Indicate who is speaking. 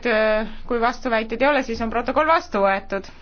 Speaker 1: nüüd äh, kui vastuväiteid ei ole, siis on protokoll vastu võetud.